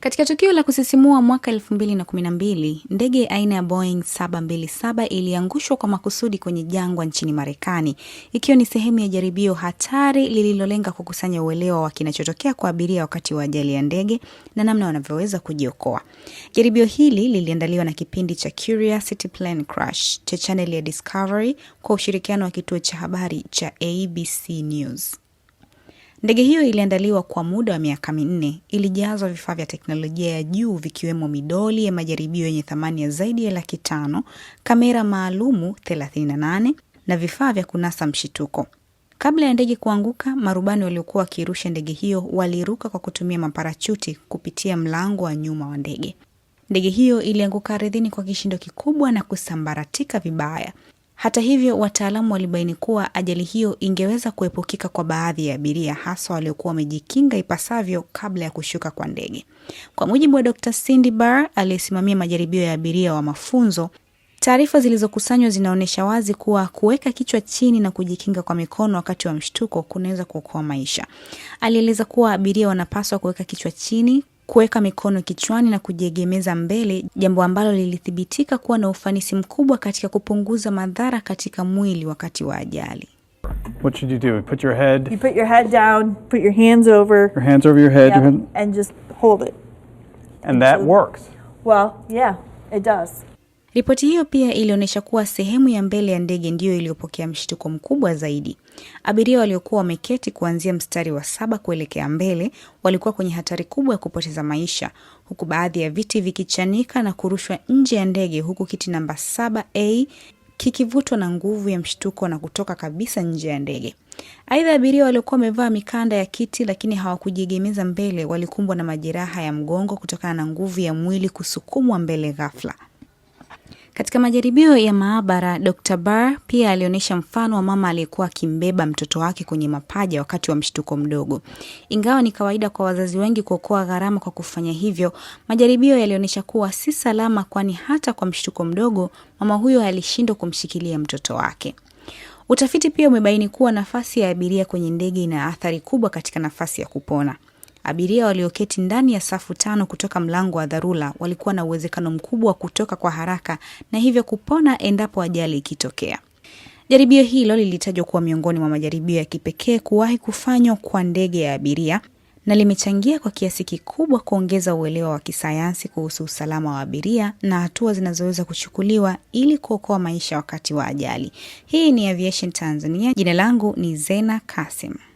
Katika tukio la kusisimua mwaka 2012, ndege aina ya Boeing 727 iliangushwa kwa makusudi kwenye jangwa nchini Marekani, ikiwa ni sehemu ya jaribio hatari lililolenga kukusanya uelewa wa kinachotokea kwa abiria wakati wa ajali ya ndege na namna wanavyoweza kujiokoa. Jaribio hili liliandaliwa na kipindi cha Curiosity Plane Crash cha chaneli ya Discovery kwa ushirikiano wa kituo cha habari cha ABC News. Ndege hiyo iliandaliwa kwa muda wa miaka minne, ilijazwa vifaa vya teknolojia ya juu vikiwemo midoli ya majaribio yenye thamani ya zaidi ya laki tano, kamera maalumu 38 na vifaa vya kunasa mshituko. Kabla ya ndege kuanguka, marubani waliokuwa wakirusha ndege hiyo waliruka kwa kutumia maparachuti kupitia mlango wa nyuma wa ndege. Ndege hiyo ilianguka ardhini kwa kishindo kikubwa na kusambaratika vibaya. Hata hivyo, wataalamu walibaini kuwa ajali hiyo ingeweza kuepukika kwa baadhi ya abiria, hasa waliokuwa wamejikinga ipasavyo kabla ya kushuka kwa ndege. Kwa mujibu wa Dr. Cindy Barr aliyesimamia majaribio ya abiria wa mafunzo, taarifa zilizokusanywa zinaonyesha wazi kuwa kuweka kichwa chini na kujikinga kwa mikono wakati wa mshtuko kunaweza kuokoa maisha. Alieleza kuwa abiria wanapaswa kuweka kichwa chini kuweka mikono kichwani na kujiegemeza mbele, jambo ambalo lilithibitika kuwa na ufanisi mkubwa katika kupunguza madhara katika mwili wakati wa ajali. What should you do? put your head. You put your head down, put your hands over. Your hands over your head. your head. And just hold it. And, that works. Well, yeah, it does. Ripoti hiyo pia ilionyesha kuwa sehemu ya mbele ya ndege ndiyo iliyopokea mshtuko mkubwa zaidi. Abiria waliokuwa wameketi kuanzia mstari wa saba kuelekea mbele walikuwa kwenye hatari kubwa ya kupoteza maisha, huku baadhi ya viti vikichanika na kurushwa nje ya ndege, huku kiti namba 7A kikivutwa na nguvu ya mshtuko na kutoka kabisa nje ya ndege. Aidha, abiria waliokuwa wamevaa mikanda ya kiti lakini hawakujiegemeza mbele walikumbwa na majeraha ya mgongo kutokana na nguvu ya mwili kusukumwa mbele ghafla. Katika majaribio ya maabara, Dr. Barr pia alionyesha mfano wa mama aliyekuwa akimbeba mtoto wake kwenye mapaja wakati wa mshtuko mdogo. Ingawa ni kawaida kwa wazazi wengi kuokoa gharama kwa kufanya hivyo, majaribio yalionyesha kuwa si salama, kwani hata kwa mshtuko mdogo mama huyo alishindwa kumshikilia mtoto wake. Utafiti pia umebaini kuwa nafasi ya abiria kwenye ndege ina athari kubwa katika nafasi ya kupona. Abiria walioketi ndani ya safu tano kutoka mlango wa dharura walikuwa na uwezekano mkubwa wa kutoka kwa haraka na hivyo kupona endapo ajali ikitokea. Jaribio hilo lilitajwa kuwa miongoni mwa majaribio ya kipekee kuwahi kufanywa kwa ndege ya abiria na limechangia kwa kiasi kikubwa kuongeza uelewa wa kisayansi kuhusu usalama wa abiria na hatua zinazoweza kuchukuliwa ili kuokoa maisha wakati wa ajali. Hii ni Aviation Tanzania. Jina langu ni Zena Kasim.